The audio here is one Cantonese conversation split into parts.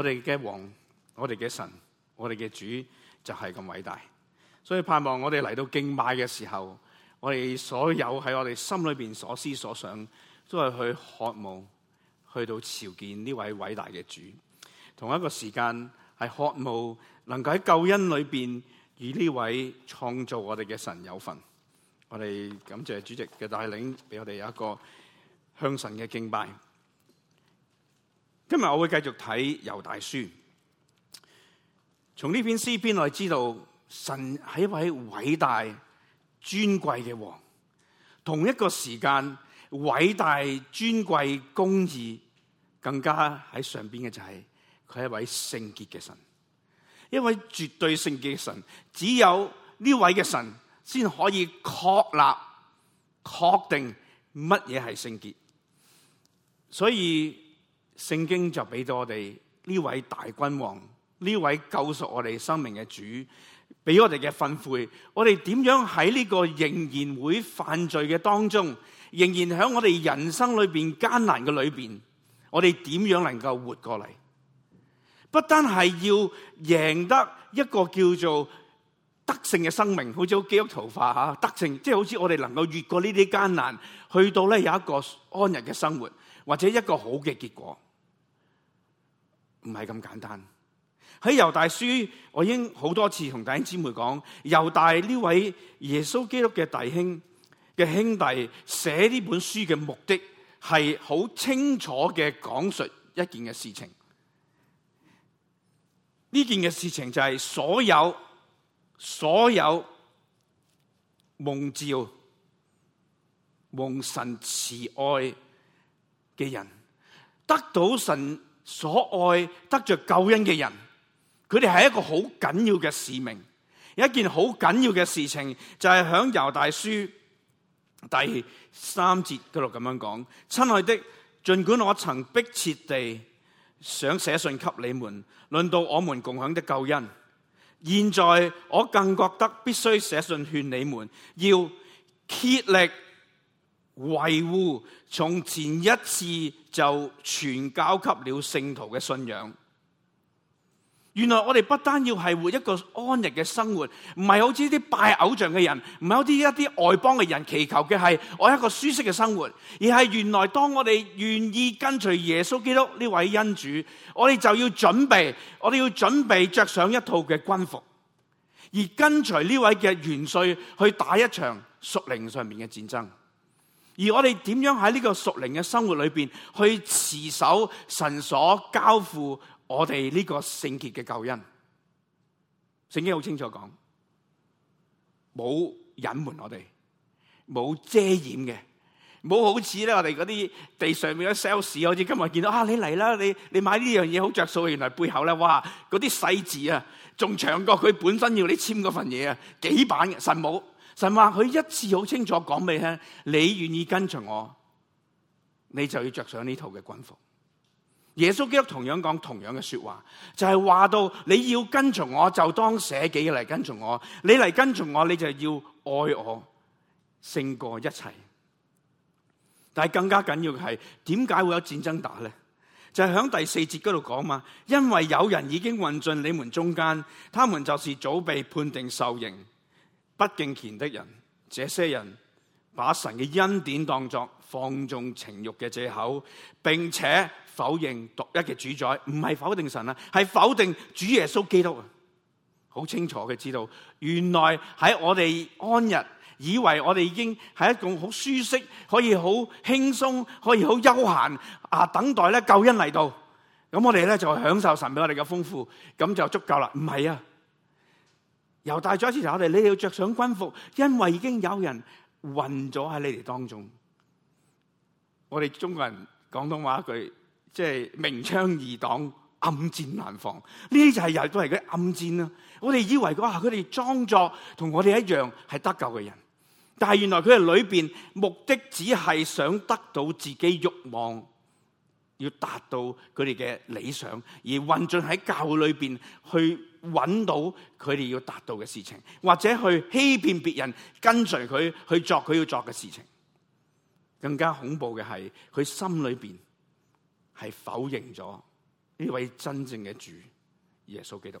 我哋嘅王，我哋嘅神，我哋嘅主就係咁偉大，所以盼望我哋嚟到敬拜嘅時候，我哋所有喺我哋心裏邊所思所想，都係去渴慕去到朝見呢位偉大嘅主，同一個時間係渴慕能夠喺救恩裏邊與呢位創造我哋嘅神有份。我哋感謝主席嘅帶領，俾我哋有一個向神嘅敬拜。今日我會繼續睇《猶大書》，從呢篇詩篇內知道神係一位偉大尊貴嘅王。同一個時間，偉大尊貴公義更加喺上面嘅就係佢係一位聖潔嘅神，一位絕對聖潔嘅神。只有呢位嘅神先可以確立、確定乜嘢係聖潔，所以。聖經就俾到我哋呢位大君王，呢位救贖我哋生命嘅主，俾我哋嘅憤悔。我哋點樣喺呢個仍然會犯罪嘅當中，仍然喺我哋人生裏面艱難嘅裏面，我哋點樣能夠活過嚟？不單係要贏得一個叫做得勝嘅生命，好似好基督徒化吓得勝，即係好似我哋能夠越過呢啲艱難，去到咧有一個安逸嘅生活，或者一個好嘅結果。唔係咁簡單。喺猶大書，我已經好多次同弟兄姊妹講，猶大呢位耶穌基督嘅弟兄嘅兄弟寫呢本書嘅目的係好清楚嘅講述一件嘅事情。呢件嘅事情就係所有所有蒙召蒙神慈愛嘅人，得到神。所愛得着救恩嘅人，佢哋係一個好緊要嘅使命，一件好緊要嘅事情就是在，就係響《猶大書》第三節嗰度咁樣講。親愛的，儘管我曾迫切地想寫信給你們，論到我們共享的救恩，現在我更覺得必須寫信勸你們，要竭力維護從前一次，就全交給了聖徒嘅信仰。原來我哋不單要係活一個安逸嘅生活，唔係好似啲拜偶像嘅人，唔係好似一啲外邦嘅人祈求嘅係我一個舒適嘅生活，而係原來當我哋願意跟隨耶穌基督呢位恩主，我哋就要準備，我哋要準備着上一套嘅軍服，而跟隨呢位嘅元帥去打一場屬靈上面嘅戰爭。而我哋點樣喺呢個屬靈嘅生活裏邊，去持守神所交付我哋呢個聖潔嘅救恩？聖經好清楚講，冇隱瞞我哋，冇遮掩嘅，冇好似咧我哋嗰啲地上面嘅 sales，好似今日見到啊，你嚟啦，你你買呢樣嘢好着數，原來背後咧，哇，嗰啲細字啊，仲長過佢本身要你簽嗰份嘢啊，幾版神冇。神話佢一次好清楚講俾你聽，你願意跟隨我，你就要着上呢套嘅軍服。耶穌基督同樣講同樣嘅說話，就係、是、話到你要跟隨我，就當捨己嚟,跟隨我。你嚟跟隨我，你就要愛我，勝過一切。但係更加緊要嘅係，點解會有戰爭打呢？就係、是、喺第四節嗰度講嘛，因為有人已經混進你們中間，他們就是早被判定受刑。不敬虔的人，這些人把神嘅恩典當作放縱情慾嘅借口，並且否認獨一嘅主宰，唔係否定神啊，係否定主耶穌基督啊！好清楚嘅知道，原來喺我哋安逸，以為我哋已經係一種好舒適，可以好輕鬆，可以好悠閒啊，等待咧救恩嚟到，咁我哋咧就享受神俾我哋嘅豐富，咁就足夠啦。唔係啊！又帶咗一次我哋，你要着上軍服，因為已經有人混咗喺你哋當中。我哋中國人廣東話一句，即係明槍易擋，暗箭難防。呢啲就係又都係嘅暗箭啦。我哋以為話，佢哋裝作同我哋一樣係得救嘅人，但係原來佢哋裏邊目的只係想得到自己欲望，要達到佢哋嘅理想，而混進喺教會裏邊去。揾到佢哋要達到嘅事情，或者去欺騙別人跟隨佢去作佢要做嘅事情。更加恐怖嘅係佢心裏面係否認咗呢位真正嘅主耶穌基督。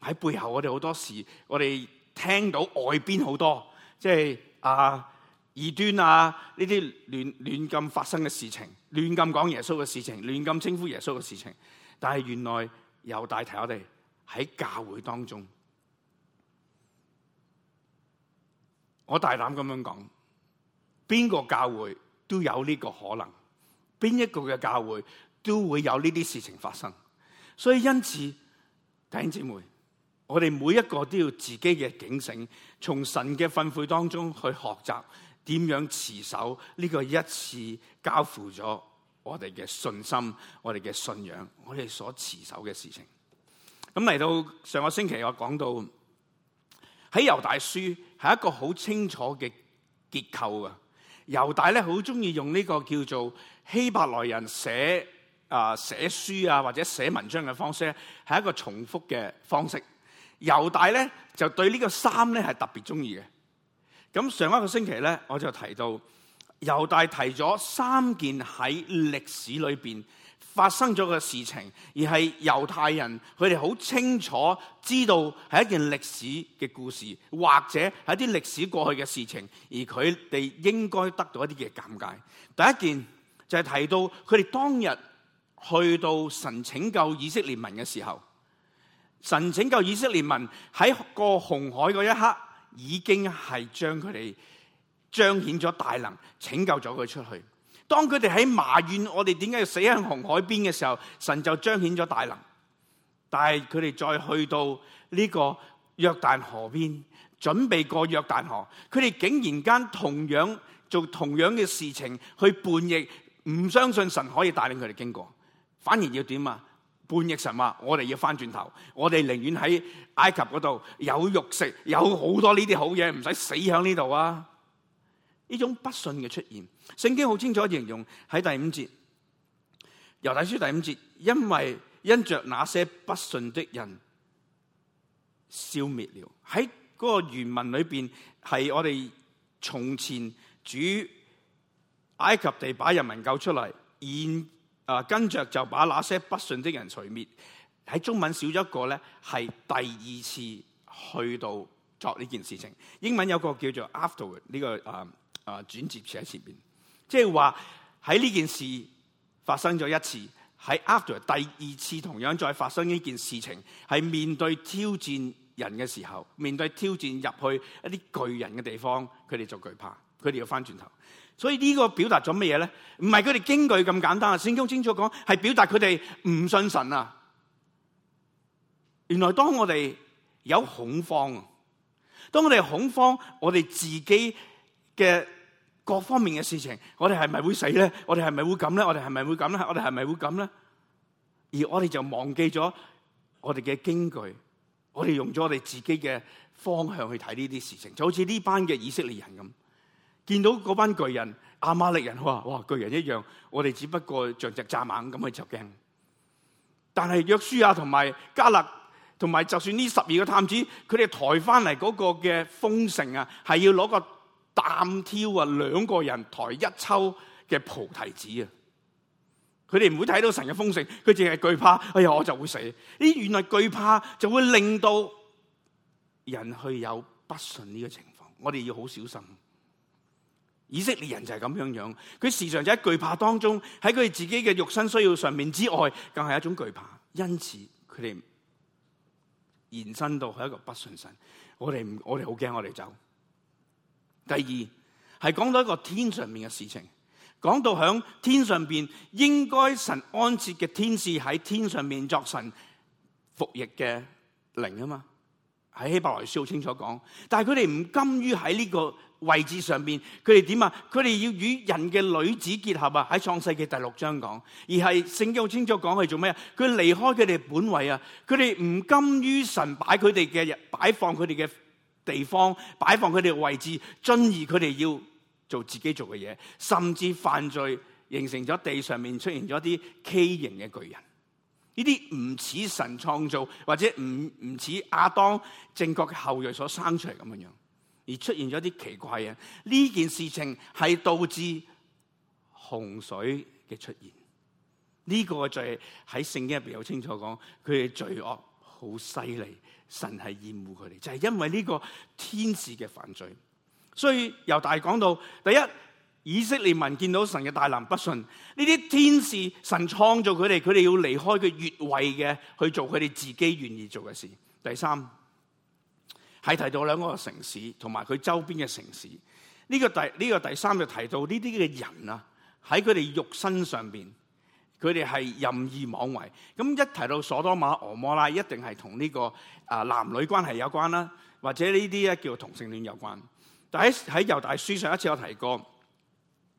喺背後我哋好多時，我哋聽到外邊好多即係啊異端啊呢啲亂亂咁發生嘅事情，亂咁講耶穌嘅事情，亂咁稱呼耶穌嘅事情，但係原來。又大提我哋喺教會當中，我大膽咁樣講，邊個教會都有呢個可能，邊一個嘅教會都會有呢啲事情發生。所以因此，弟兄姊妹，我哋每一個都要自己嘅警醒，從神嘅訓誨當中去學習點樣持守呢個一次交付咗。我哋嘅信心，我哋嘅信仰，我哋所持守嘅事情。咁嚟到上個星期我講到喺猶大書係一個好清楚嘅結構啊。猶大咧好中意用呢個叫做希伯來人寫啊、呃、寫書啊或者寫文章嘅方式咧，係一個重複嘅方式。猶大咧就對呢個三咧係特別中意嘅。咁上一個星期咧我就提到。猶大提咗三件喺歷史裏邊發生咗嘅事情，而係猶太人佢哋好清楚知道係一件歷史嘅故事，或者係一啲歷史過去嘅事情，而佢哋應該得到一啲嘅尷尬。第一件就係提到佢哋當日去到神拯救以色列民嘅時候，神拯救以色列民喺過紅海嗰一刻，已經係將佢哋。彰顯咗大能，拯救咗佢出去。當佢哋喺埋怨我哋點解要死喺紅海邊嘅時候，神就彰顯咗大能。但係佢哋再去到呢個約旦河邊，準備過約旦河，佢哋竟然間同樣做同樣嘅事情，去叛逆，唔相信神可以帶領佢哋經過，反而要點啊？叛逆神話，啊，我哋要翻轉頭，我哋寧願喺埃及嗰度有肉食，有好多呢啲好嘢，唔使死喺呢度啊！呢種不信嘅出現，聖經好清楚形容喺第五節，《猶太書》第五節，因為因着那些不信的人，消滅了。喺嗰個原文裏邊，係我哋從前主埃及地把人民救出嚟，然啊，跟着就把那些不信的人除滅。喺中文少咗一個咧，係第二次去到作呢件事情。英文有個叫做 afterward 呢個啊。Uh, 啊！轉折喺前邊，即係話喺呢件事發生咗一次，喺呃咗第二次，同樣再發生呢件事情，係面對挑戰人嘅時候，面對挑戰入去一啲巨人嘅地方，佢哋就懼怕，佢哋要翻轉頭。所以呢個表達咗乜嘢咧？唔係佢哋驚懼咁簡單啊！聖經清楚講係表達佢哋唔信神啊。原來當我哋有恐慌，當我哋恐慌，我哋自己嘅。各方面嘅事情，我哋係咪會死咧？我哋係咪會咁咧？我哋係咪會咁咧？我哋係咪會咁咧？而我哋就忘記咗我哋嘅驚懼，我哋用咗我哋自己嘅方向去睇呢啲事情，就好似呢班嘅以色列人咁，見到嗰班巨人亞瑪力人，哇哇，巨人一樣，我哋只不過像隻蚱蜢咁去就驚。但係約書亞同埋加勒同埋，就算呢十二個探子，佢哋抬翻嚟嗰個嘅豐盛啊，係要攞個。擔挑啊，兩個人抬一抽嘅菩提子啊，佢哋唔會睇到神嘅豐盛，佢淨係懼怕。哎呀，我就會死。原來懼怕就會令到人去有不順呢個情況。我哋要好小心。以色列人就係咁樣樣，佢時常就喺懼怕當中，喺佢哋自己嘅肉身需要上面之外，更係一種懼怕。因此，佢哋延伸到係一個不順神。我哋唔，我哋好驚，我哋走。第二係講到一個天上面嘅事情，講到響天上面應該神安置嘅天使喺天上面作神服役嘅靈啊嘛，喺希伯來書清楚講。但係佢哋唔甘於喺呢個位置上邊，佢哋點啊？佢哋要與人嘅女子結合啊！喺創世記第六章講，而係聖經好清楚講係做咩啊？佢離開佢哋本位啊！佢哋唔甘於神擺佢哋嘅擺放佢哋嘅。地方擺放佢哋嘅位置，遵義佢哋要做自己做嘅嘢，甚至犯罪，形成咗地上面出現咗啲畸形嘅巨人。呢啲唔似神創造，或者唔唔似亞當正確嘅後裔所生出嚟咁樣樣，而出現咗啲奇怪嘅。呢件事情係導致洪水嘅出現。呢、這個罪喺聖經入邊有清楚講，佢嘅罪惡好犀利。神係厭惡佢哋，就係、是、因為呢個天使嘅犯罪。所以由大講到第一，以色列民見到神嘅大難不順呢啲天使神創造佢哋，佢哋要離開佢越位嘅去做佢哋自己願意做嘅事。第三係提到兩個城市同埋佢周邊嘅城市。呢、這個第呢、這個第三就提到呢啲嘅人啊，喺佢哋肉身上邊。佢哋係任意妄為咁一提到所多瑪俄摩拉，一定係同呢個啊男女關係有關啦，或者呢啲咧叫同性戀有關。但喺喺《猶大書》上一次我提過，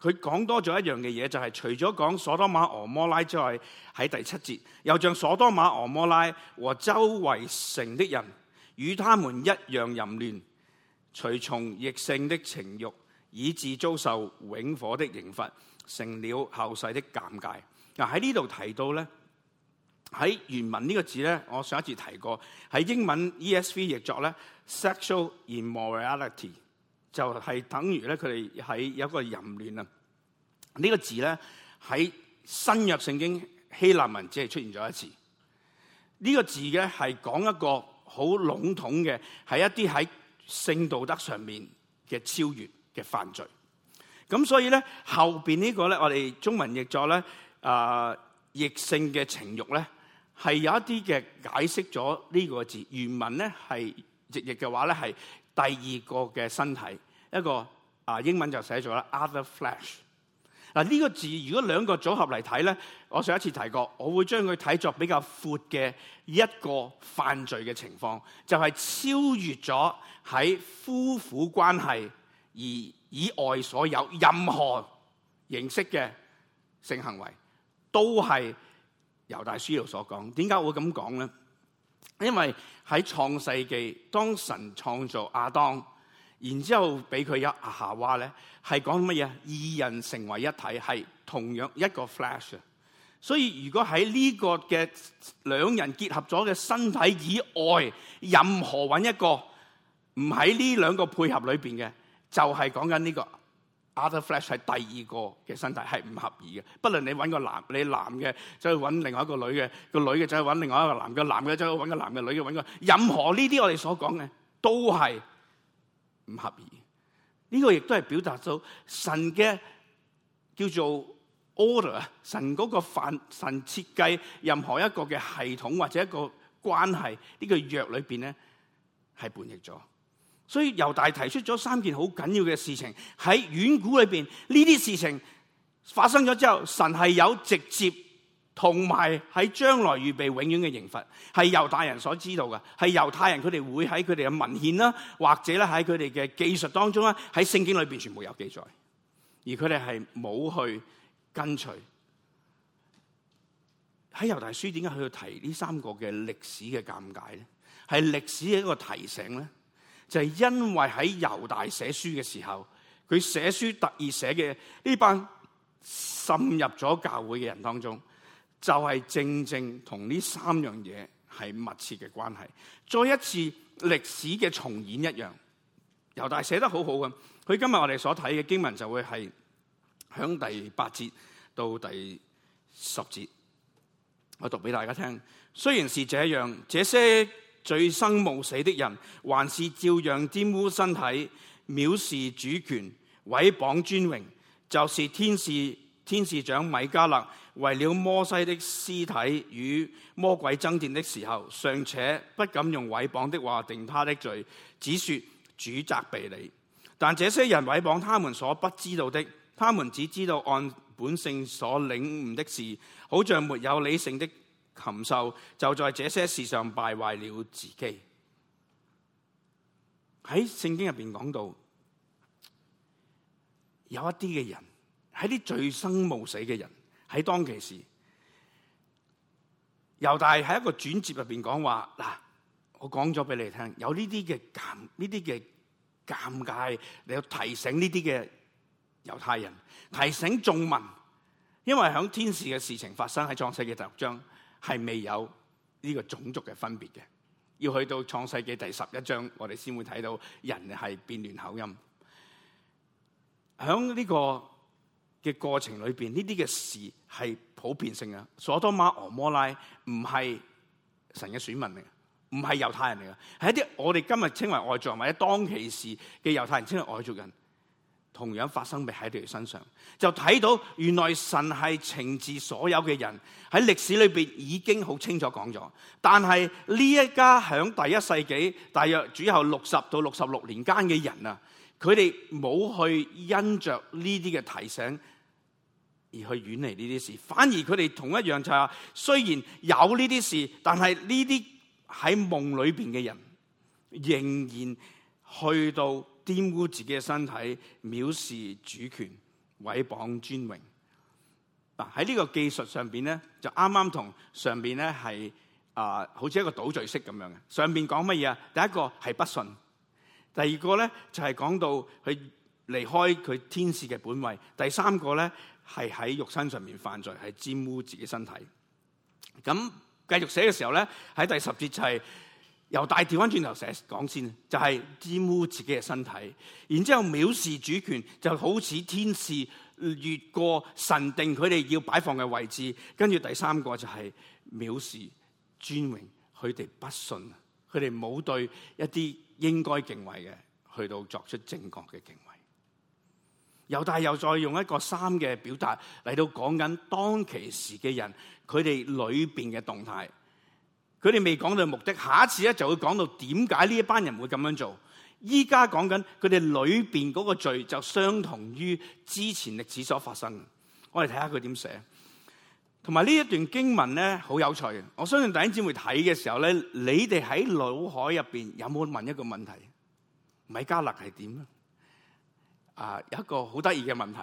佢講多咗一樣嘅嘢，就係、是、除咗講所多瑪俄摩拉之外，喺第七節又像所多瑪俄摩拉和周圍城的人，與他們一樣淫亂，隨從逆性的情慾，以致遭受永火的刑罰，成了後世的尷尬。嗱喺呢度提到咧，喺原文呢個字咧，我上一次提過，喺英文 ESV 譯作咧 sexual immorality，就係等於咧，佢哋喺有個淫亂啊。呢個字咧喺新約聖經希臘文只係出現咗一次。呢個字咧係講一個好籠統嘅，係一啲喺性道德上面嘅超越嘅犯罪。咁所以咧後邊呢個咧，我哋中文譯作咧。啊！逆性嘅情欲咧，係有一啲嘅解釋咗呢個字。原文咧係直譯嘅話咧係第二個嘅身體，一個啊英文就寫咗啦 other flesh。嗱呢、啊這個字如果兩個組合嚟睇咧，我上一次提過，我會將佢睇作比較闊嘅一個犯罪嘅情況，就係、是、超越咗喺夫婦關係而以外所有任何形式嘅性行為。都係由大書友所講，點解我咁講咧？因為喺創世紀，當神創造阿當，然之後俾佢有亞夏娃咧，係講乜嘢？二人成為一體，係同樣一個 flash。所以如果喺呢個嘅兩人結合咗嘅身體以外，任何揾一個唔喺呢兩個配合裏邊嘅，就係講緊呢個。other flesh 係第二個嘅身體係唔合宜嘅，不論你揾個男，你男嘅就去揾另外一個女嘅，個女嘅就去揾另外一個男嘅，男嘅就去揾個男嘅，女嘅揾個，任何呢啲我哋所講嘅都係唔合宜。呢、這個亦都係表達咗神嘅叫做 order 啊，神嗰個範神設計任何一個嘅系統或者一個關係，這個、藥裏面呢個約裏邊咧係叛逆咗。所以猶大提出咗三件好緊要嘅事情，喺遠古裏邊呢啲事情發生咗之後，神係有直接同埋喺將來預備永遠嘅刑罰，係猶大人所知道嘅，係猶太人佢哋會喺佢哋嘅文獻啦，或者咧喺佢哋嘅技術當中啦，喺聖經裏邊全部有記載，而佢哋係冇去跟隨。喺猶大書點解去提呢三個嘅歷史嘅尷尬咧？係歷史嘅一個提醒咧？就係、是、因為喺猶大寫書嘅時候，佢寫書特意寫嘅呢班滲入咗教會嘅人當中，就係、是、正正同呢三樣嘢係密切嘅關係。再一次歷史嘅重演一樣，猶大寫得很好好嘅。佢今日我哋所睇嘅經文就會係喺第八節到第十節，我讀俾大家聽。雖然是這樣，這些，醉生夢死的人，還是照樣玷污身體、藐視主權、毀謗尊榮。就是天使天使長米迦勒，為了摩西的屍體與魔鬼爭戰的時候，尚且不敢用毀謗的話定他的罪，只說主責備你。但這些人毀謗他們所不知道的，他們只知道按本性所領悟的事，好像沒有理性的。禽獸就在這些事上敗壞了自己。喺聖經入邊講到，有一啲嘅人喺啲醉生夢死嘅人喺當其時，猶大喺一個轉折入邊講話，嗱，我講咗俾你聽，有呢啲嘅尷呢啲嘅尷尬，你要提醒呢啲嘅猶太人，提醒眾民，因為喺天使嘅事情發生喺創世嘅第六章。係未有呢個種族嘅分別嘅，要去到創世記第十一章，我哋先會睇到人係變亂口音。響呢個嘅過程裏邊，呢啲嘅事係普遍性嘅。所多瑪俄摩拉唔係神嘅選民嚟嘅，唔係猶太人嚟嘅，係一啲我哋今日稱為外族或者當其時嘅猶太人稱為外族人。同樣發生喺佢哋身上，就睇到原來神係懲治所有嘅人，喺歷史裏邊已經好清楚講咗，但係呢一家響第一世紀大約主後六十到六十六年間嘅人啊，佢哋冇去因着呢啲嘅提醒而去遠離呢啲事，反而佢哋同一樣就係話，雖然有呢啲事，但係呢啲喺夢裏邊嘅人仍然去到，玷污自己嘅身體，藐視主權，毀謗尊榮。嗱喺呢個技術上邊咧，就啱啱同上邊咧係啊，好似一個倒敘式咁樣嘅。上邊講乜嘢啊？第一個係不信，第二個咧就係、是、講到佢離開佢天使嘅本位，第三個咧係喺肉身上面犯罪，係玷污自己身體。咁繼續寫嘅時候咧，喺第十節就係、是。猶大調翻轉頭，成日講先，就係玷污自己嘅身體，然之後藐視主權，就好似天使越過神定佢哋要擺放嘅位置，跟住第三個就係藐視尊榮，佢哋不信，佢哋冇對一啲應該敬畏嘅，去到作出正確嘅敬畏。猶大又再用一個三嘅表達嚟到講緊當其時嘅人，佢哋裏邊嘅動態。佢哋未講到目的，下一次咧就會講到點解呢一班人會咁樣做。依家講緊佢哋裏面嗰個罪就相同於之前歷史所發生。我哋睇下佢點寫，同埋呢一段經文咧好有趣。我相信弟兄姊妹睇嘅時候咧，你哋喺腦海入面有冇問一個問題？米迦勒係點咧？啊，有一個好得意嘅問題。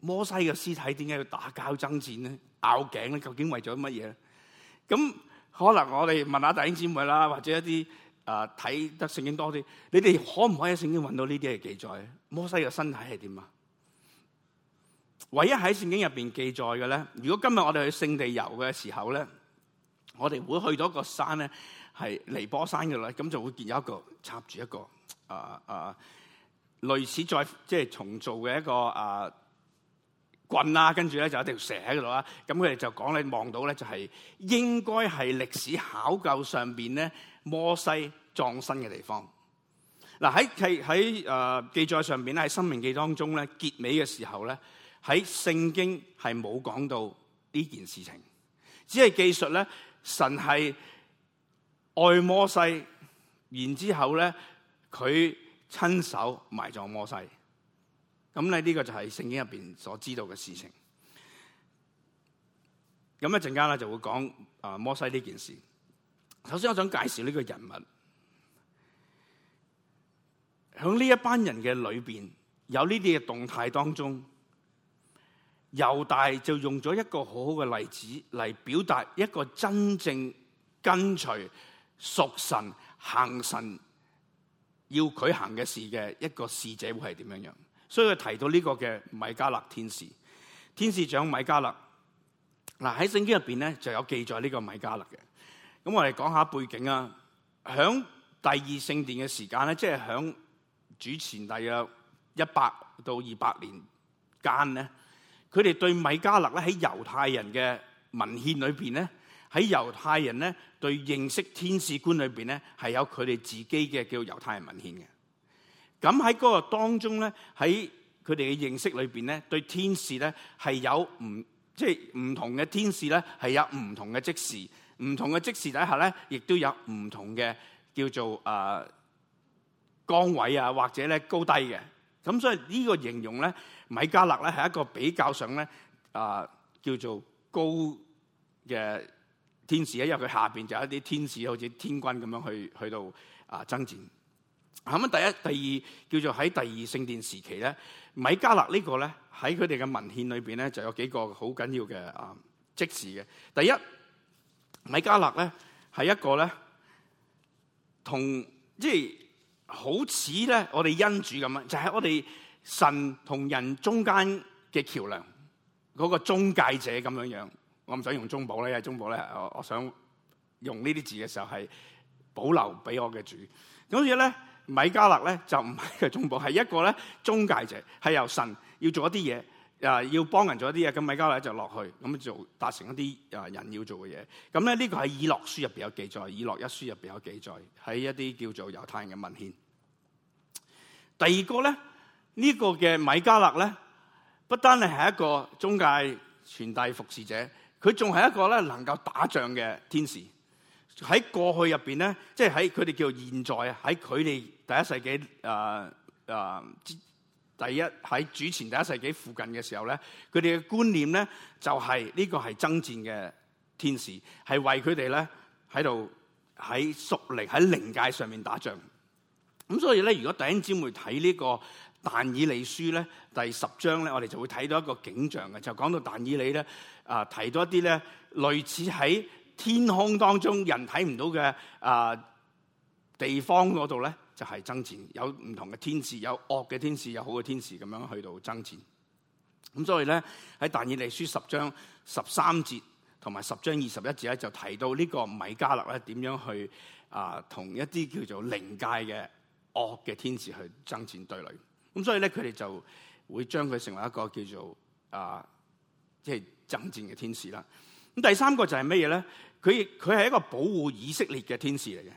摩西嘅屍體點解要打交爭戰咧？拗頸咧？究竟為咗乜嘢咧？咁可能我哋問下弟兄姊妹啦，或者一啲啊睇得聖經多啲，你哋可唔可以喺聖經揾到呢啲嘅記載？摩西嘅身體係點啊？唯一喺聖經入邊記載嘅咧，如果今日我哋去聖地遊嘅時候咧，我哋會去到一個山咧，係尼波山嘅咧，咁就會見有一個插住一個啊啊、呃呃，類似再即係重做嘅一個啊。呃棍啦，跟住咧就一條蛇喺度啊！咁佢哋就講，你望到咧就係應該係歷史考究上邊咧，摩西葬身嘅地方。嗱喺記喺誒記載上邊咧，喺《申命記》當中咧，結尾嘅時候咧，喺聖經係冇講到呢件事情，只係記述咧神係愛摩西，然之後咧佢親手埋葬摩西。咁咧呢個就係聖經入邊所知道嘅事情。咁一陣間咧就會講啊，摩西呢件事。首先我想介紹呢個人物，喺呢一班人嘅裏邊，有呢啲嘅動態當中，猶大就用咗一個好好嘅例子嚟表達一個真正跟隨屬神行神要佢行嘅事嘅一個使者會係點樣樣。所以佢提到呢個嘅米迦勒天使，天使長米迦勒嗱，喺聖經入邊咧就有記載呢個米迦勒嘅。咁我哋講下背景啊，響第二聖殿嘅時間咧，即係響主前大約一百到二百年間咧，佢哋對米迦勒咧喺猶太人嘅文獻裏邊咧，喺猶太人咧對認識天使觀裏邊咧係有佢哋自己嘅叫猶太人文獻嘅。咁喺個當中咧，喺佢哋嘅認識裏邊咧，對天使咧係有唔即係唔同嘅天使咧係有唔同嘅職事，唔同嘅職事底下咧，亦都有唔同嘅叫做誒、呃、崗位啊，或者咧高低嘅。咁所以呢個形容咧，米迦勒咧係一個比較上咧啊、呃、叫做高嘅天使，因為佢下邊就有一啲天使好似天軍咁樣去去到啊爭戰。呃增咁樣第一、第二叫做喺第二聖殿時期咧，米迦勒呢個咧喺佢哋嘅文獻裏邊咧就有幾個好緊要嘅啊職事嘅。第一，米迦勒咧係一個咧同即係好似咧我哋恩主咁樣，就係、是、我哋神同人中間嘅橋梁，嗰、那個中介者咁樣樣。我唔想用中保咧，因為中保咧，我我想用呢啲字嘅時候係保留俾我嘅主。咁所以咧。米迦勒咧就唔係佢中保，係一個咧中介者，係由神要做一啲嘢啊，要幫人做一啲嘢。咁米迦勒就落去咁就達成一啲啊人要做嘅嘢。咁咧呢個係以諾書入邊有記載，以諾一書入邊有記載，喺一啲叫做猶太人嘅文獻。第二個咧，呢、這個嘅米迦勒咧，不單係係一個中介、傳遞、服侍者，佢仲係一個咧能夠打仗嘅天使。喺過去入邊咧，即係喺佢哋叫做現在喺佢哋。第一世紀啊啊！第一喺主前第一世紀附近嘅時候咧，佢哋嘅觀念咧就係呢個係爭戰嘅天使，係為佢哋咧喺度喺屬靈喺靈界上面打仗。咁所以咧，如果弟兄姊妹睇呢、這個但以理書咧第十章咧，我哋就會睇到一個景象嘅，就講到但以理咧啊提到一啲咧類似喺天空當中人睇唔到嘅啊地方嗰度咧。就係、是、爭戰，有唔同嘅天使，有惡嘅天使，有好嘅天使咁樣去到爭戰。咁所以咧，喺但以理書十章十三節同埋十章二十一節咧，就提到呢個米迦勒咧點樣去啊同、呃、一啲叫做靈界嘅惡嘅天使去爭戰對壘。咁所以咧，佢哋就會將佢成為一個叫做啊，即係爭戰嘅天使啦。咁第三個就係乜嘢咧？佢佢係一個保護以色列嘅天使嚟嘅。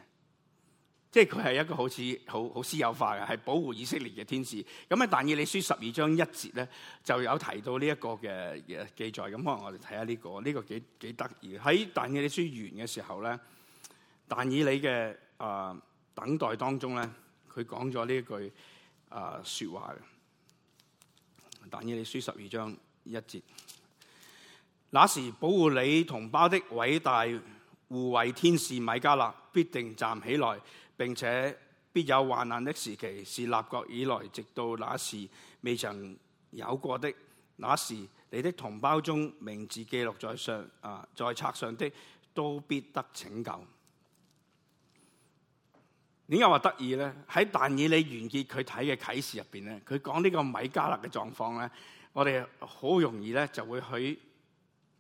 即係佢係一個好似好好私有化嘅，係保護以色列嘅天使。咁啊，但以利書十二章一節咧，就有提到呢一個嘅記載。咁可能我哋睇下呢個，呢、呢個幾幾得意。喺但以利書完嘅時候咧，但以利嘅啊等待當中咧，佢講咗呢一句啊、呃、說話嘅。但以利書十二章一節，那時保護你同胞的偉大護衛天使米迦勒必定站起來。並且必有患難的時期，是立國以來直到那時未曾有過的。那時你的同胞中名字記錄在上啊，在冊上的都必得拯救。點解話得意呢？喺但以理完結佢睇嘅啟示入邊咧，佢講呢個米迦勒嘅狀況咧，我哋好容易咧就會喺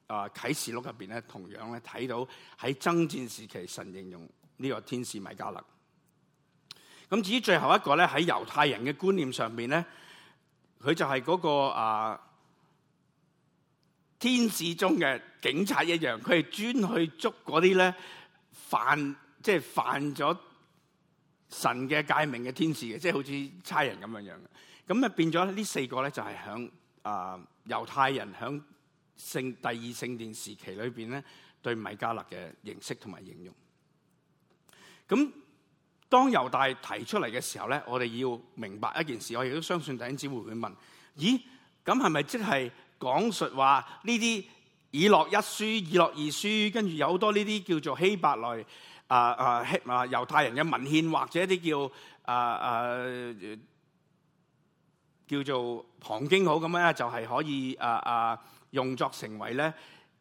啊啟示錄入邊咧，同樣咧睇到喺爭戰時期神形容呢個天使米迦勒。咁至於最後一個咧，喺猶太人嘅觀念上邊咧，佢就係嗰、那個啊天使中嘅警察一樣，佢係專去捉嗰啲咧犯即係、就是、犯咗神嘅戒命嘅天使嘅，即、就、係、是、好似差人咁樣樣嘅。咁啊變咗呢四個咧，就係、是、響啊猶太人響聖第二聖殿時期裏邊咧，對米迦勒嘅認識同埋形容。咁。當猶大提出嚟嘅時候咧，我哋要明白一件事，我亦都相信弟兄姊妹會會問：咦，咁係咪即係講述話呢啲以諾一書、以諾二書，跟住有好多呢啲叫做希伯來啊啊啊猶太人嘅文獻，或者一啲叫啊啊叫做旁經好咁咧，就係、是、可以啊啊用作成為咧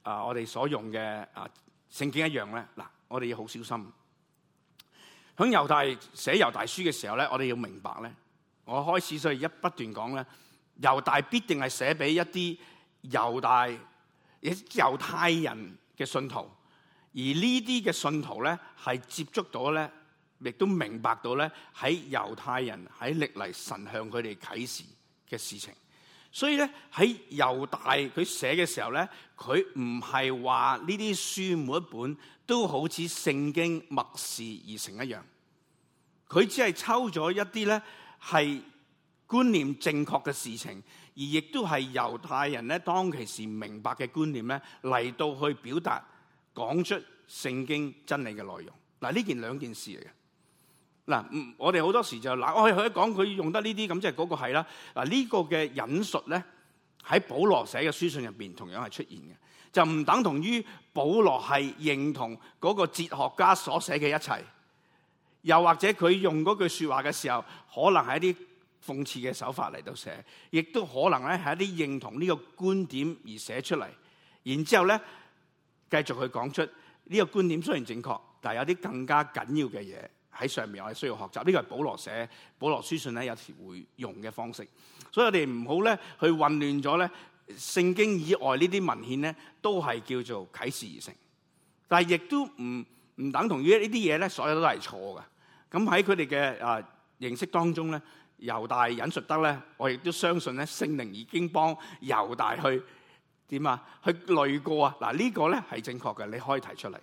啊我哋所用嘅啊聖經一樣咧？嗱，我哋要好小心。喺猶大寫猶大書嘅時候咧，我哋要明白咧，我開始所以一不斷講咧，猶大必定係寫俾一啲猶大嘅猶太人嘅信徒，而呢啲嘅信徒咧係接觸到咧，亦都明白到咧喺猶太人喺歷嚟神向佢哋啟示嘅事情，所以咧喺猶大佢寫嘅時候咧，佢唔係話呢啲書每一本都好似聖經默示而成一樣，佢只係抽咗一啲咧係觀念正確嘅事情，而亦都係猶太人咧當其時明白嘅觀念咧嚟到去表達講出聖經真理嘅內容。嗱，呢件兩件事嚟嘅。嗱，我哋好多時就嗱，我哋可以講佢用得呢啲咁，即係嗰個係啦。嗱，呢個嘅引述咧，喺保羅寫嘅書信入邊同樣係出現嘅。就唔等同於保羅係認同嗰個哲學家所寫嘅一切，又或者佢用嗰句説話嘅時候，可能係一啲諷刺嘅手法嚟到寫，亦都可能咧係一啲認同呢個觀點而寫出嚟，然之後咧繼續去講出呢個觀點雖然正確，但係有啲更加緊要嘅嘢喺上面，我哋需要學習。呢個係保羅寫保羅書信咧，有時會用嘅方式，所以我哋唔好咧去混亂咗咧。聖經以外這些獻呢啲文獻咧，都係叫做啟示而成，但係亦都唔唔等同於呢啲嘢咧，所有都係錯嘅。咁喺佢哋嘅啊認識當中咧，猶大引述得咧，我亦都相信咧，聖靈已經幫猶大去點啊，去累過啊。嗱、這個、呢個咧係正確嘅，你可以提出嚟。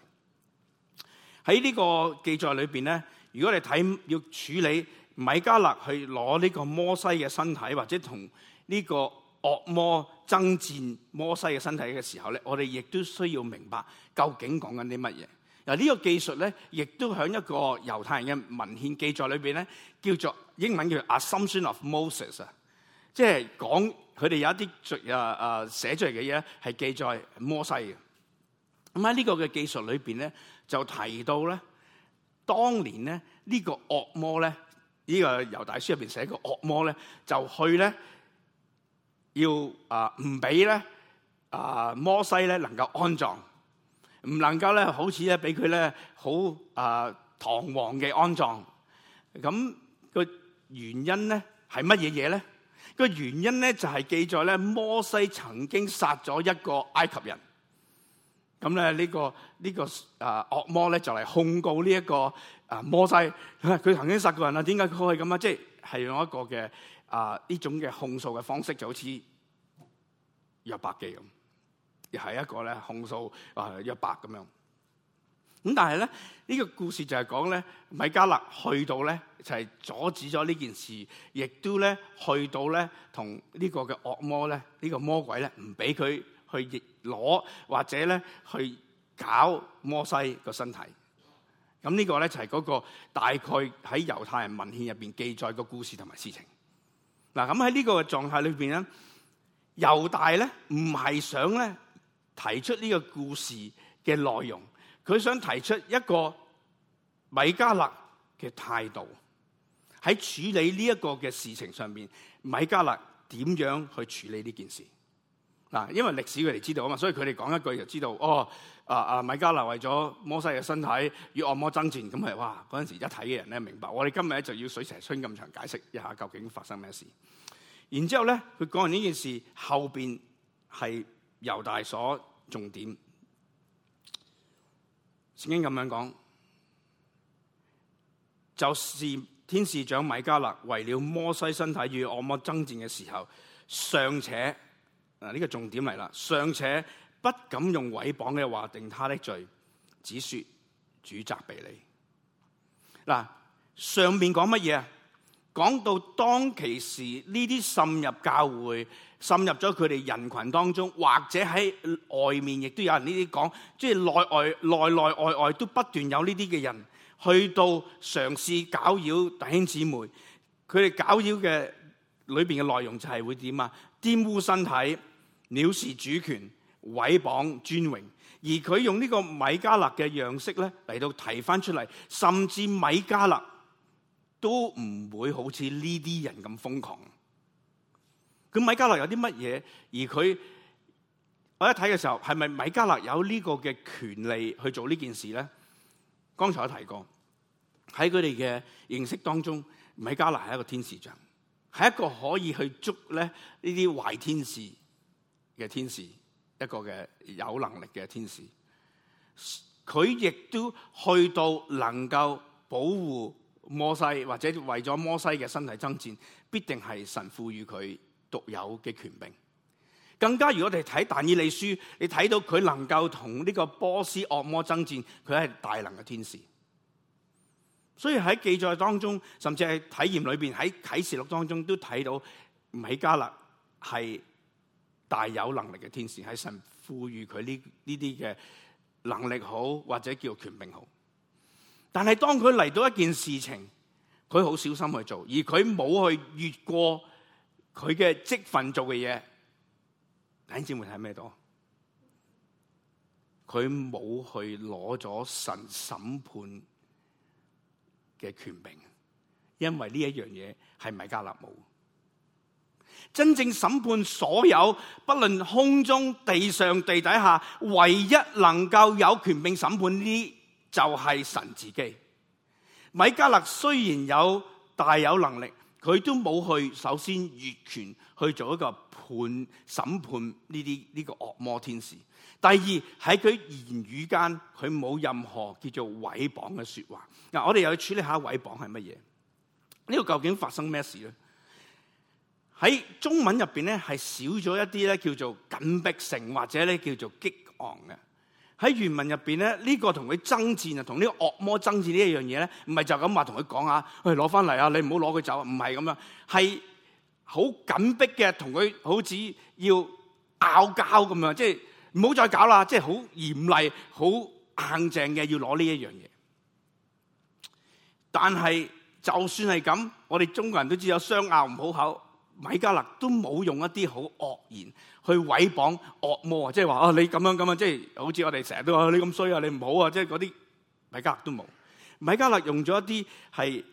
喺呢個記載裏邊咧，如果你睇要處理米迦勒去攞呢個摩西嘅身體，或者同呢、這個。惡魔爭戰摩西嘅身體嘅時候咧，我哋亦都需要明白究竟講緊啲乜嘢。嗱呢個技術咧，亦都響一個猶太人嘅文獻記載裏邊咧，叫做英文叫 Assumption of Moses 啊，即係講佢哋有一啲誒誒寫出嚟嘅嘢係記載摩西嘅。咁喺呢個嘅技術裏邊咧，就提到咧，當年咧呢個惡魔咧，呢個猶大書入邊寫個惡魔咧就去咧。要啊唔俾咧啊摩西咧能夠安葬，唔能夠咧好似咧俾佢咧好啊堂皇嘅安葬。咁個原因咧係乜嘢嘢咧？個原因咧就係記載咧摩西曾經殺咗一個埃及人。咁咧呢個呢、呢個啊惡魔咧就嚟控告呢一個啊摩西，佢曾經殺過人啊？點解佢可以咁啊？即係係用一個嘅。啊！呢種嘅控訴嘅方式就好似約伯記咁，又係一個咧控訴啊約伯咁樣。咁但係咧呢、呢個故事就係講咧米迦勒去到咧就係、是、阻止咗呢件事，亦都咧去到咧同呢個嘅惡魔咧呢、呢個魔鬼咧唔俾佢去攞或者咧去搞摩西個身體。咁呢、就是、個咧就係嗰個大概喺猶太人文獻入面記載個故事同埋事情。嗱，咁喺呢個嘅狀態裏邊咧，猶大咧唔係想咧提出呢個故事嘅內容，佢想提出一個米迦勒嘅態度，喺處理呢一個嘅事情上面，米迦勒點樣去處理呢件事？嗱，因為歷史佢哋知道啊嘛，所以佢哋講一句就知道。哦，啊啊，米迦勒為咗摩西嘅身體與惡魔爭戰，咁係哇！嗰陣時一睇嘅人咧明白。我哋今日咧就要水蛇春咁長解釋一下究竟發生咩事。然之後咧，佢講完呢件事，後邊係猶大所重點。聖經咁樣講，就是天使長米迦勒為了摩西身體與惡魔爭戰嘅時候尚且。嗱，呢個重點嚟啦，尚且不敢用毀謗嘅話定他的罪，只説主責備你。嗱，上面講乜嘢？講到當其時，呢啲滲入教會、滲入咗佢哋人群當中，或者喺外面亦都有人呢啲講，即係內外、內內外外都不斷有呢啲嘅人去到嘗試搞擾弟兄姊妹。佢哋搞擾嘅裏邊嘅內容就係會點啊？玷污身體。藐視主權、毀謗尊榮，而佢用呢個米加勒嘅樣式咧嚟到提翻出嚟，甚至米加勒都唔會好似呢啲人咁瘋狂。咁米加勒有啲乜嘢？而佢我一睇嘅時候，係咪米加勒有呢個嘅權利去做呢件事咧？剛才我提過喺佢哋嘅認識當中，米加勒係一個天使長，係一個可以去捉咧呢啲壞天使。嘅天使，一個嘅有能力嘅天使，佢亦都去到能夠保護摩西，或者為咗摩西嘅身體爭戰，必定係神賦予佢獨有嘅權柄。更加如果你睇但以理書，你睇到佢能夠同呢個波斯惡魔爭戰，佢係大能嘅天使。所以喺記載當中，甚至係體驗裏邊喺啟示錄當中都睇到米迦勒係。大有能力嘅天使，係神賦予佢呢呢啲嘅能力好，或者叫權柄好。但係當佢嚟到一件事情，佢好小心去做，而佢冇去越過佢嘅職份做嘅嘢。弟兄姊妹睇咩多？佢冇去攞咗神審判嘅權柄，因為呢一樣嘢係米迦勒姆。真正審判所有，不論空中、地上、地底下，唯一能夠有權柄審判呢，就係、是、神自己。米迦勒雖然有大有能力，佢都冇去首先越權去做一個判審判呢啲呢個惡魔天使。第二，喺佢言語間，佢冇任何叫做毀謗嘅說話。嗱，我哋又要處理一下毀謗係乜嘢？呢個究竟發生咩事咧？喺中文入邊咧，係少咗一啲咧，叫做緊迫性或者咧叫做激昂嘅。喺原文入邊咧，呢個同佢爭戰啊，同呢個惡魔爭戰呢、哎、一樣嘢咧，唔係就咁話同佢講下，去攞翻嚟啊！你唔好攞佢走，啊。唔係咁樣，係好緊迫嘅，同佢好似要拗交咁樣，即係唔好再搞啦！即係好嚴厲、好硬淨嘅，要攞呢一樣嘢。但係就算係咁，我哋中國人都知有相拗唔好口。米迦勒都冇用一啲好惡言去毀謗惡魔啊！即係話啊，你咁樣咁樣，即、嗯、係好似我哋成日都話你咁衰啊，你唔好啊！即係嗰啲米迦勒都冇。米迦勒用咗一啲係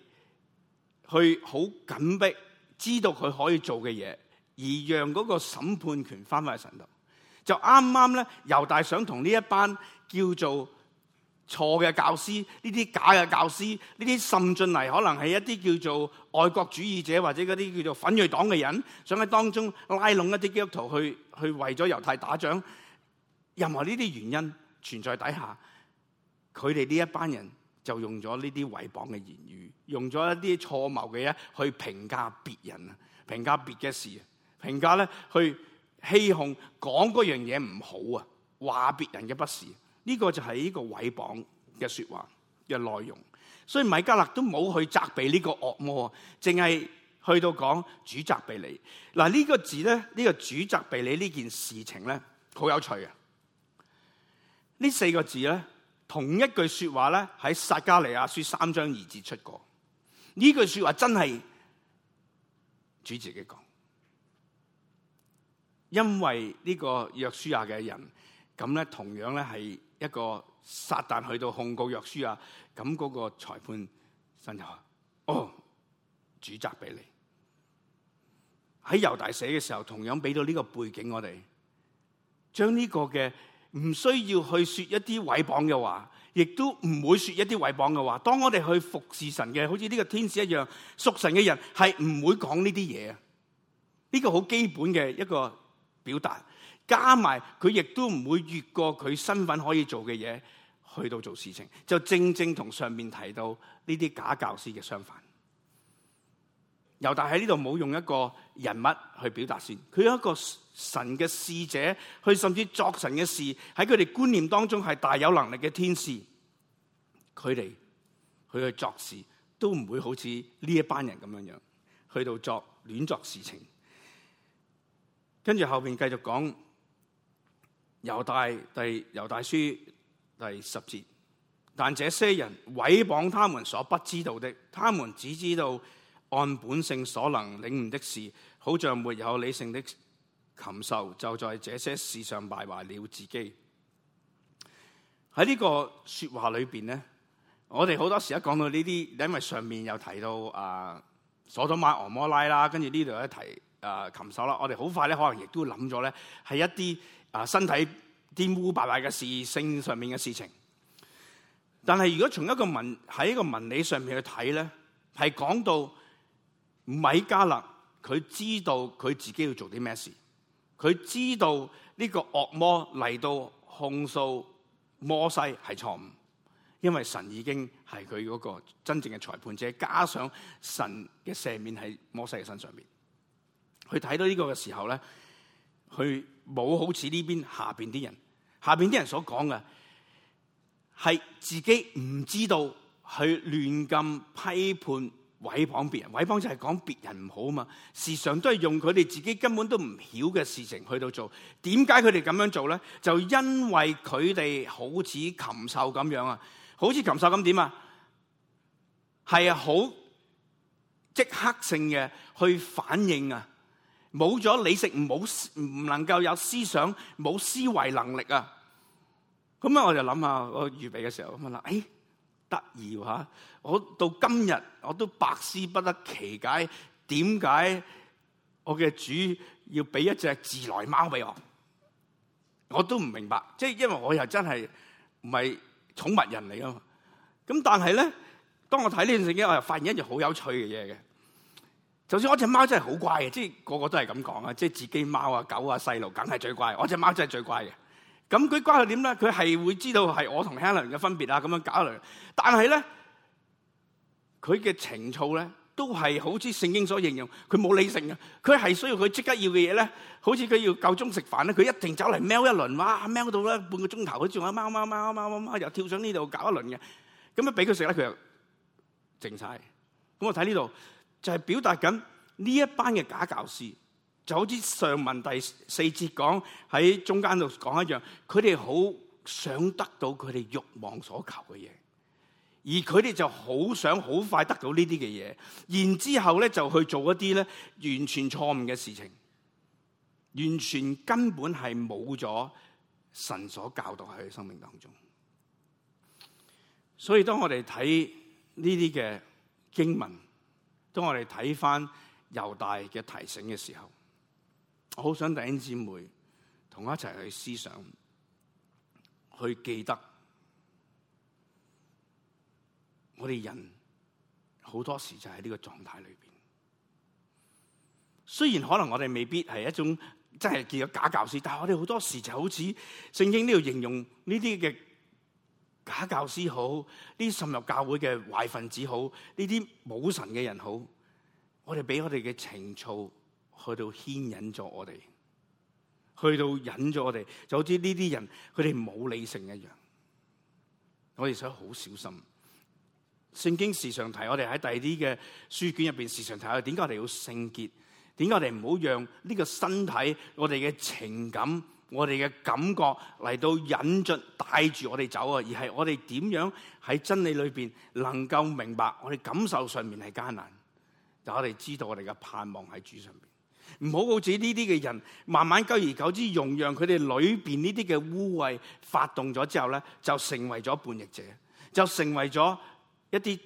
去好緊逼，知道佢可以做嘅嘢，而讓嗰個審判權翻返去神度。就啱啱咧，猶大想同呢一班叫做。錯嘅教師，呢啲假嘅教師，呢啲滲進嚟可能係一啲叫做愛國主義者，或者嗰啲叫做奮銳黨嘅人，想喺當中拉攏一啲基督徒去去為咗猶太打仗。任何呢啲原因存在底下，佢哋呢一班人就用咗呢啲毀謗嘅言語，用咗一啲錯謬嘅嘢去評價別人啊，評價別嘅事，評價咧去欺哄，講嗰樣嘢唔好啊，話別人嘅不是。呢、這個就係呢個毀謗嘅說話嘅、這個、內容，所以米迦勒都冇去責備呢個惡魔，淨係去到講主責備你。嗱、這、呢個字咧，呢、這個主責備你呢件事情咧，好有趣嘅。呢四個字咧，同一句說話咧喺撒迦利亞書三章二節出過。呢句說話真係主自己講，因為呢個約書亞嘅人，咁咧同樣咧係。一個撒旦去到控告約書啊，咁嗰個裁判神就話：哦，主責備你。喺猶大寫嘅時候，同樣俾到呢個背景我哋，將呢個嘅唔需要去說一啲毀謗嘅話，亦都唔會說一啲毀謗嘅話。當我哋去服侍神嘅，好似呢個天使一樣，屬神嘅人係唔會講呢啲嘢。呢、呢個好基本嘅一個表達。加埋佢，亦都唔會越過佢身份可以做嘅嘢，去到做事情，就正正同上面提到呢啲假教師嘅相反。猶大喺呢度冇用一個人物去表達先，佢有一個神嘅使者，佢甚至作神嘅事，喺佢哋觀念當中係大有能力嘅天使。佢哋去去作事，都唔會好似呢一班人咁樣樣，去到作亂作事情。跟住後邊繼續講。.猶大第猶大書第十節，但這些人毀謗他們所不知道的，他們只知道按本性所能領悟的事，好像沒有理性的禽獸，就在這些事上敗壞了自己。喺呢個說話裏邊呢，我哋好多時一講到呢啲，因為上面又提到啊，所多瑪、蛾摩拉啦，跟住呢度一提。啊！禽手啦，我哋好快咧，可能亦都諗咗咧，係一啲啊身體玷污敗壞嘅事性上面嘅事情。但係如果從一個文喺一個文理上面去睇咧，係講到米迦勒佢知道佢自己要做啲咩事，佢知道呢個惡魔嚟到控訴摩西係錯誤，因為神已經係佢個真正嘅裁判者，加上神嘅赦免喺摩西嘅身上邊。佢睇到呢個嘅時候咧，佢冇好似呢邊下邊啲人，下邊啲人所講嘅係自己唔知道去亂咁批判毀謗別人，毀謗就係講別人唔好啊嘛。時常都係用佢哋自己根本都唔曉嘅事情去到做，點解佢哋咁樣做咧？就因為佢哋好似禽獸咁樣啊，好似禽獸咁點啊？係啊，好即刻性嘅去反應啊！冇咗理性，冇唔能夠有思想，冇思維能力啊！咁、哎、啊，我就諗下我預備嘅時候，咁問啦，誒得意吓，我到今日我都百思不得其解，點解我嘅主要俾一隻自來貓俾我？我都唔明白，即係因為我又真係唔係寵物人嚟啊嘛！咁但係咧，當我睇呢段時間，我又發現一樣好有趣嘅嘢嘅。就算我隻貓真係好乖嘅，即係個個都係咁講啊！即係自己貓啊、狗啊、細路，梗係最乖。我隻貓真係最乖嘅。咁佢乖係點咧？佢係會知道係我同 Helen 嘅分別啊！咁樣搞一輪。但係咧，佢嘅情操咧，都係好似聖經所形容，佢冇理性啊，佢係需要佢即刻要嘅嘢咧，好似佢要夠鐘食飯咧，佢一定走嚟喵一輪，哇喵到咧半個鐘頭，仲有貓貓貓貓貓貓貓又跳上呢度搞一輪嘅。咁樣俾佢食咧，佢又靜晒。咁我睇呢度。就係、是、表達緊呢一班嘅假教師，就好似上文第四節講喺中間度講一樣，佢哋好想得到佢哋欲望所求嘅嘢，而佢哋就好想好快得到呢啲嘅嘢，然之後咧就去做一啲咧完全錯誤嘅事情，完全根本係冇咗神所教導喺佢生命當中。所以當我哋睇呢啲嘅經文。當我哋睇返猶大嘅提醒嘅時候，我好想弟兄姊妹同我一齊去思想，去記得我哋人好多時就喺呢個狀態裏邊。雖然可能我哋未必係一種真係見到假教師，但係我哋好多時就好似聖經都要形容呢啲嘅。假教師好，呢啲滲入教會嘅壞分子好，呢啲冇神嘅人好，我哋俾我哋嘅情操去到牽引咗我哋，去到引咗我哋，就好似呢啲人佢哋冇理性一樣，我哋想好小心。聖經時常提我哋喺第二啲嘅書卷入邊時常提，點解我哋要聖潔？點解我哋唔好讓呢個身體、我哋嘅情感？我哋嘅感覺嚟到引進帶住我哋走啊，而係我哋點樣喺真理裏邊能夠明白，我哋感受上面係艱難，就我哋知道我哋嘅盼望喺主上邊。唔好好似呢啲嘅人，慢慢久而久之，容讓佢哋裏邊呢啲嘅污穢發動咗之後咧，就成為咗叛逆者，就成為咗一啲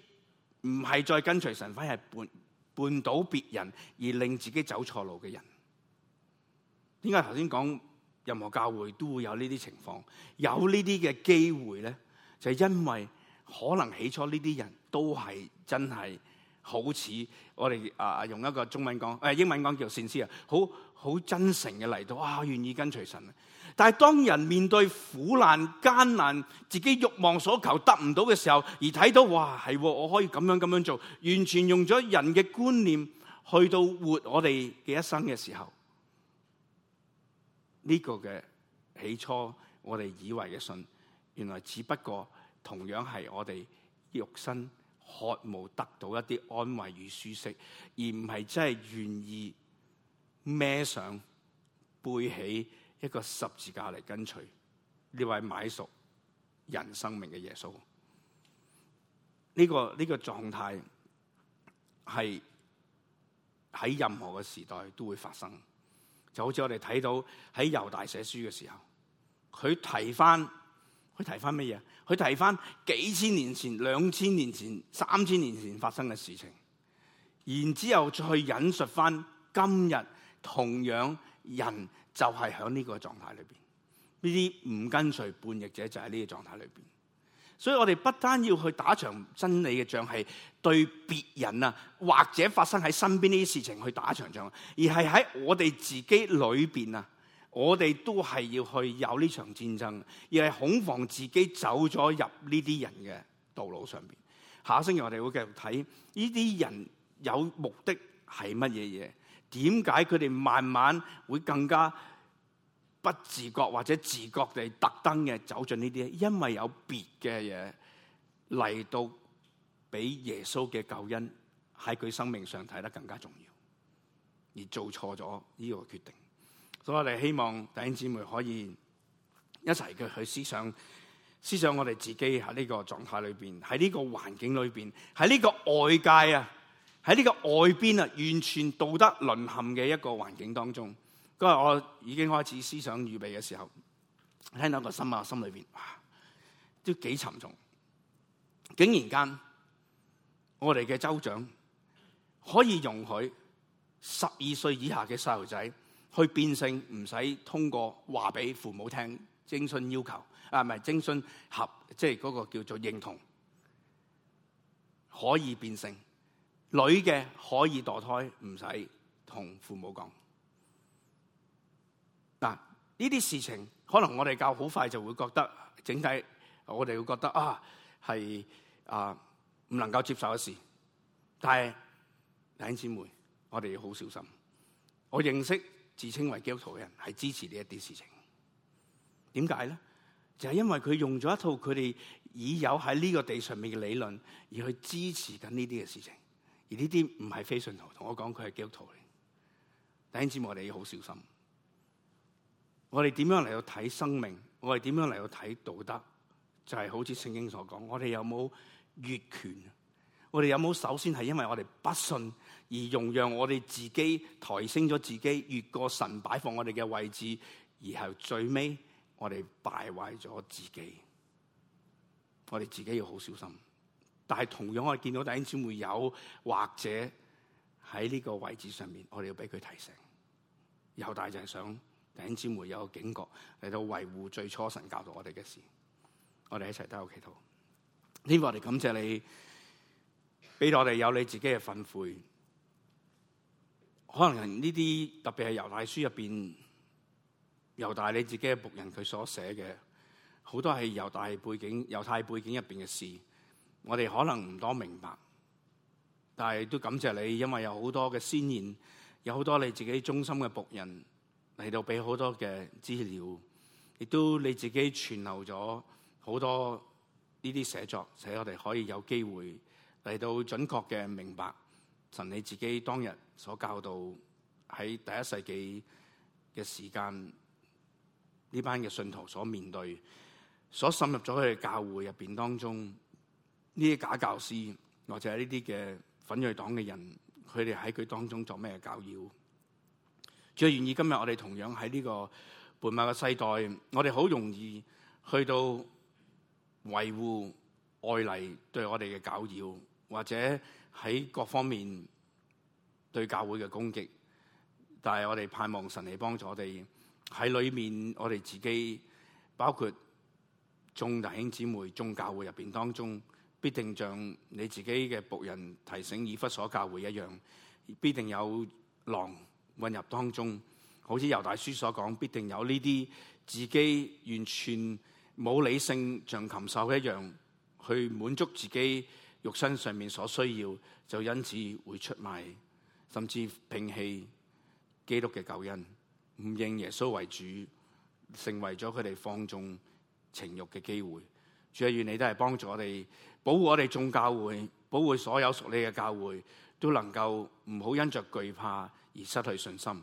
唔係再跟隨神，反而係絆絆倒別人而令自己走錯路嘅人。點解頭先講？任何教會都會有呢啲情況，有呢啲嘅機會咧，就係因為可能起初呢啲人都係真係好似我哋啊，用一個中文講誒英文講叫善思啊，好好真誠嘅嚟到，啊願意跟隨神。但係當人面對苦難艱難自己欲望所求得唔到嘅時候，而睇到哇係，我可以咁樣咁樣做，完全用咗人嘅觀念去到活我哋嘅一生嘅時候。呢、這個嘅起初，我哋以為嘅信，原來只不過同樣係我哋肉身渴望得到一啲安慰與舒適，而唔係真係願意孭上背起一個十字架嚟跟隨呢位買贖人生命嘅耶穌。呢、這個呢、這個狀態係喺任何嘅時代都會發生。就好似我哋睇到喺猶大寫書嘅時候，佢提翻，佢提翻乜嘢？佢提翻幾千年前，兩千年前，三千年前發生嘅事情，然之後再去引述翻今日同樣人就係喺呢個狀態裏邊，呢啲唔跟隨叛逆者就係呢個狀態裏邊。所以我哋不單要去打場真理嘅仗，係對別人啊，或者發生喺身邊呢啲事情去打場仗，而係喺我哋自己裏邊啊，我哋都係要去有呢場戰爭，而係恐防自己走咗入呢啲人嘅道路上邊。下星期我哋會繼續睇呢啲人有目的係乜嘢嘢？點解佢哋慢慢會更加？不自覺或者自覺地特登嘅走進呢啲，因為有別嘅嘢嚟到，比耶穌嘅救恩喺佢生命上睇得更加重要，而做錯咗呢個決定。所以我哋希望弟兄姊妹可以一齊嘅去思想，思想我哋自己喺呢個狀態裏邊，喺呢個環境裏邊，喺呢個外界啊，喺呢個外邊啊，完全道德淪陷嘅一個環境當中。因為我已經開始思想預備嘅時候，聽到個新聞，心裏邊哇都幾沉重。竟然間我哋嘅州長可以容許十二歲以下嘅細路仔去變性，唔使通過話俾父母聽，徵詢要求，啊唔係徵詢合，即係嗰個叫做認同，可以變性，女嘅可以墮胎，唔使同父母講。嗱，呢啲事情可能我哋教好快就會覺得整體，我哋會覺得啊，係啊唔能夠接受嘅事。但係弟兄姊妹，我哋要好小心。我認識自稱為基督徒嘅人，係支持呢一啲事情。點解咧？就係因為佢用咗一套佢哋已有喺呢個地上面嘅理論，而去支持緊呢啲嘅事情。而呢啲唔係非信徒同我講佢係基督徒嚟。弟兄姊妹，我哋要好小心。我哋點樣嚟到睇生命？我哋點樣嚟到睇道德？就係、是、好似聖經所講，我哋有冇越權？我哋有冇首先係因為我哋不信而容讓我哋自己抬升咗自己，越過神擺放我哋嘅位置，然後最尾我哋敗壞咗自己。我哋自己要好小心。但係同樣我哋見到弟兄姊妹有或者喺呢個位置上面，我哋要俾佢提醒。有大就係想。弟兄姊妹有警覺嚟到維護最初神教導我哋嘅事，我哋一齊都喺度祈禱。呢個我哋感謝你俾我哋有你自己嘅吩咐。可能呢啲特別係猶太書入邊猶大你自己嘅僕人佢所寫嘅好多係猶大背景猶太背景入邊嘅事，我哋可能唔多明白，但係都感謝你，因為有好多嘅先賢，有好多你自己忠心嘅僕人。嚟到俾好多嘅資料，亦都你自己存留咗好多呢啲寫作，使我哋可以有機會嚟到準確嘅明白，神你自己當日所教導喺第一世紀嘅時間，呢班嘅信徒所面對，所滲入咗佢嘅教會入邊當中，呢啲假教師或者係呢啲嘅分裂黨嘅人，佢哋喺佢當中做咩教妖？最願意今日我哋同樣喺呢個悖謬嘅世代，我哋好容易去到維護外嚟對我哋嘅攪擾，或者喺各方面對教會嘅攻擊。但係我哋盼望神嚟幫助我哋喺裏面，我哋自己包括眾弟兄姊妹、眾教會入邊當中，必定像你自己嘅僕人提醒以弗所教會一樣，必定有狼。混入當中，好似猶大書所講，必定有呢啲自己完全冇理性，像禽獸一樣去滿足自己肉身上面所需要，就因此會出賣，甚至摒棄基督嘅救恩，唔認耶穌為主，成為咗佢哋放縱情慾嘅機會。主啊，願你都係幫助我哋，保護我哋眾教會，保護所有屬你嘅教會，都能夠唔好因着懼怕。而失去信心，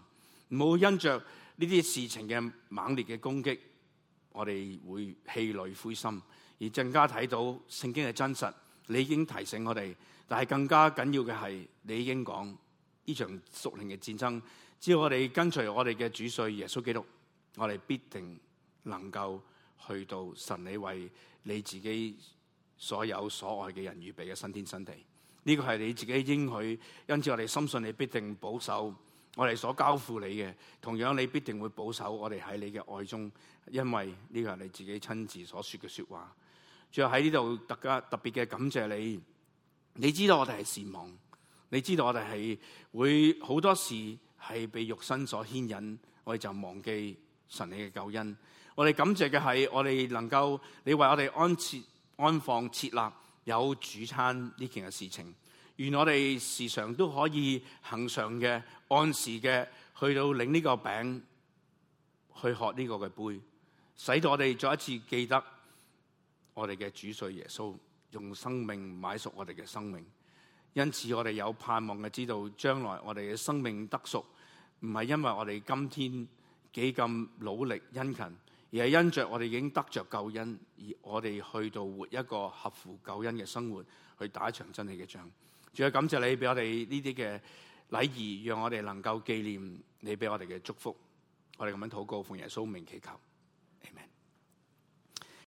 唔好因着呢啲事情嘅猛烈嘅攻擊，我哋會氣餒灰心，而更加睇到聖經嘅真實。你已經提醒我哋，但係更加緊要嘅係，你已經講呢場屬靈嘅戰爭，只要我哋跟隨我哋嘅主帥耶穌基督，我哋必定能夠去到神你為你自己所有所愛嘅人預備嘅新天新地。呢、這個係你自己應許，因此我哋深信你必定保守我哋所交付你嘅，同樣你必定會保守我哋喺你嘅愛中。因為呢個係你自己親自所說嘅說話。最後喺呢度特加特別嘅感謝你，你知道我哋係善忘，你知道我哋係會好多事係被肉身所牽引，我哋就忘記神你嘅救恩。我哋感謝嘅係我哋能夠你為我哋安設安放設立。有主餐呢件嘅事情，願我哋時常都可以恒常嘅、按時嘅，去到領呢個餅，去喝呢個嘅杯，使到我哋再一次記得我哋嘅主帥耶穌用生命買贖我哋嘅生命。因此，我哋有盼望嘅知道，將來我哋嘅生命得贖，唔係因為我哋今天幾咁努力殷勤。而係因着我哋已經得着救恩，而我哋去到活一個合乎救恩嘅生活，去打一場真理嘅仗。仲要感謝你俾我哋呢啲嘅禮儀，讓我哋能夠紀念你俾我哋嘅祝福。我哋這樣禱告奉耶穌名祈求。